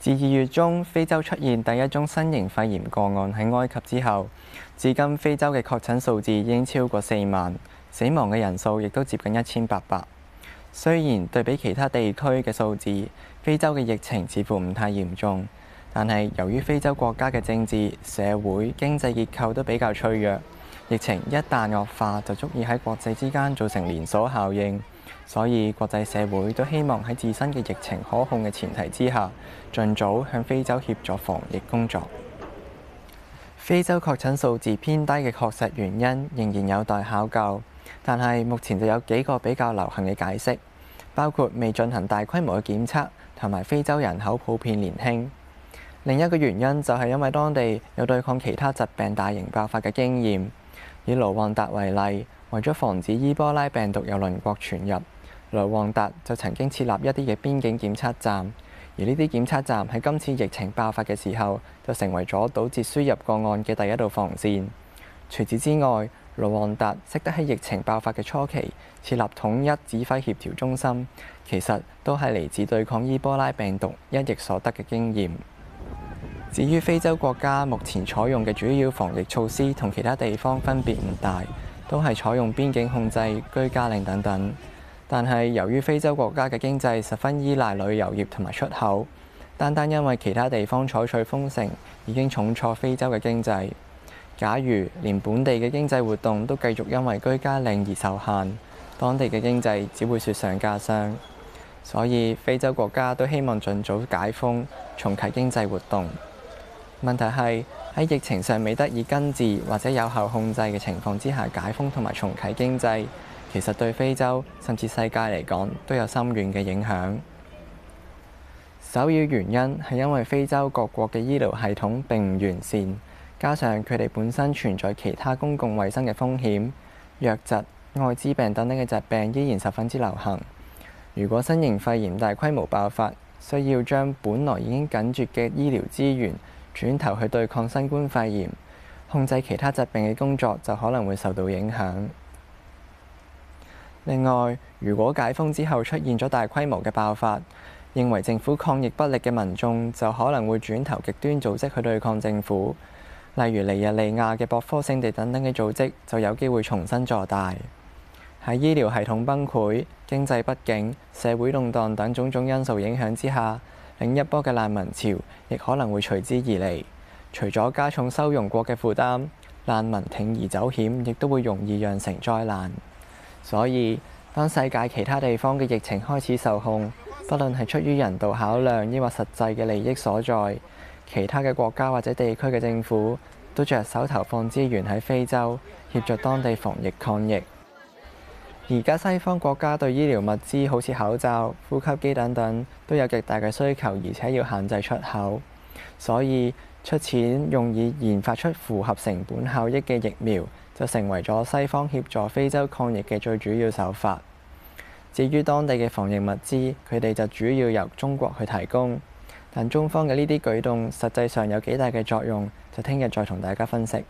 自二月中非洲出現第一宗新型肺炎個案喺埃及之後，至今非洲嘅確診數字已經超過四萬，死亡嘅人數亦都接近一千八百。雖然對比其他地區嘅數字，非洲嘅疫情似乎唔太嚴重，但係由於非洲國家嘅政治、社會、經濟結構都比較脆弱。疫情一旦惡化，就足以喺國際之間造成連鎖效應，所以國際社會都希望喺自身嘅疫情可控嘅前提之下，盡早向非洲協助防疫工作。非洲確診數字偏低嘅確實原因仍然有待考究，但係目前就有幾個比較流行嘅解釋，包括未進行大規模嘅檢測，同埋非洲人口普遍年輕。另一個原因就係因為當地有對抗其他疾病大型爆發嘅經驗。以盧旺達為例，為咗防止伊波拉病毒由鄰國傳入，盧旺達就曾經設立一啲嘅邊境檢測站，而呢啲檢測站喺今次疫情爆發嘅時候，就成為咗堵截輸入個案嘅第一道防線。除此之外，盧旺達識得喺疫情爆發嘅初期設立統一指揮協調中心，其實都係嚟自對抗伊波拉病毒一役所得嘅經驗。至於非洲國家目前採用嘅主要防疫措施，同其他地方分別唔大，都係採用邊境控制、居家令等等。但係由於非洲國家嘅經濟十分依賴旅遊業同埋出口，單單因為其他地方採取封城已經重挫非洲嘅經濟。假如連本地嘅經濟活動都繼續因為居家令而受限，當地嘅經濟只會雪上加霜。所以非洲國家都希望盡早解封，重啟經濟活動。問題係喺疫情尚未得以根治或者有效控制嘅情況之下，解封同埋重啟經濟，其實對非洲甚至世界嚟講都有深遠嘅影響。首要原因係因為非洲各國嘅醫療系統並唔完善，加上佢哋本身存在其他公共衛生嘅風險、瘧疾、愛滋病等等嘅疾病，依然十分之流行。如果新型肺炎大規模爆發，需要將本來已經緊絀嘅醫療資源。轉頭去對抗新冠肺炎，控制其他疾病嘅工作就可能會受到影響。另外，如果解封之後出現咗大規模嘅爆發，認為政府抗疫不力嘅民眾就可能會轉投極端組織去對抗政府，例如尼日利亞嘅博科聖地等等嘅組織就有機會重新做大。喺醫療系統崩潰、經濟不景、社會動盪等種種因素影響之下。另一波嘅難民潮亦可能會隨之而嚟，除咗加重收容國嘅負擔，難民鋌而走險，亦都會容易釀成災難。所以，當世界其他地方嘅疫情開始受控，不論係出於人道考量，抑或實際嘅利益所在，其他嘅國家或者地區嘅政府都着手投放資源喺非洲，協助當地防疫抗疫。而家西方國家對醫療物資，好似口罩、呼吸機等等，都有極大嘅需求，而且要限制出口，所以出錢用以研發出符合成本效益嘅疫苗，就成為咗西方協助非洲抗疫嘅最主要手法。至於當地嘅防疫物資，佢哋就主要由中國去提供，但中方嘅呢啲舉動，實際上有幾大嘅作用，就聽日再同大家分析。